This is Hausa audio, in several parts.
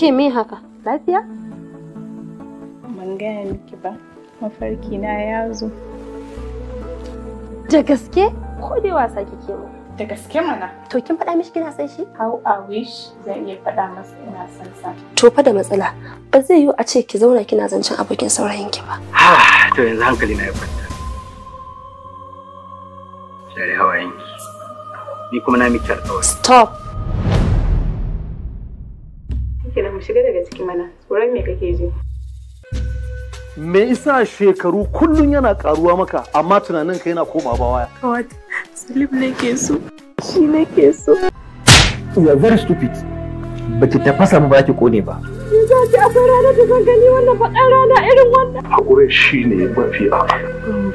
Ke me haka? Lafiya? Ban gaya miki ba, mafarki na ya zo. Da gaske? Ko dai wasa kike mu? Da gaske mana. To kin faɗa mishi kina san shi? How I wish zan iya faɗa masa ina san sa. To fa da matsala, ba zai yiwu a ce ki zauna kina zancen abokin saurayin ki ba. Ha, to yanzu hankali na ya kwanta. Share ki Ni kuma na miki alƙawari. Stop. Kina mu shiga daga ciki mana, tsoron me kake ji? Me isa shekaru kullum yana karuwa maka amma tunanin ka yana koma ba waya. Kawai, Salim ne ke so, shi ne ke so. You are very stupid. ki tafasa mu ba ki kone ba. Ni za ki akwai rana da zan gani wannan baƙar rana irin wannan. Hakuri shi ne mafi a'a.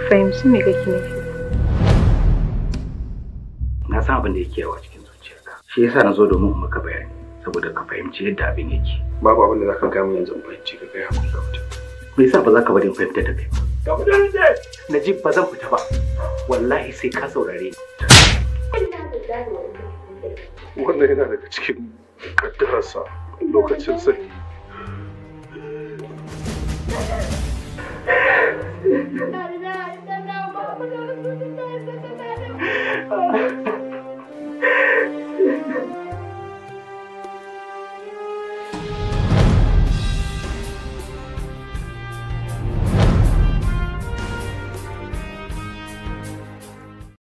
Fahimci me kake nufi. Na san abin da yake yawa cikin zuciyarka. Shi yasa na zo domin maka saboda ka fahimci yadda abin yake babu abin da zaka gaya yanzu in fahimci ka kai hakuri ka fita me yasa ba za ka bari in fahimta da kai ba Najib ba zan fita ba wallahi sai ka saurare ni wannan yana daga cikin kaddararsa lokacin sanyi Oh,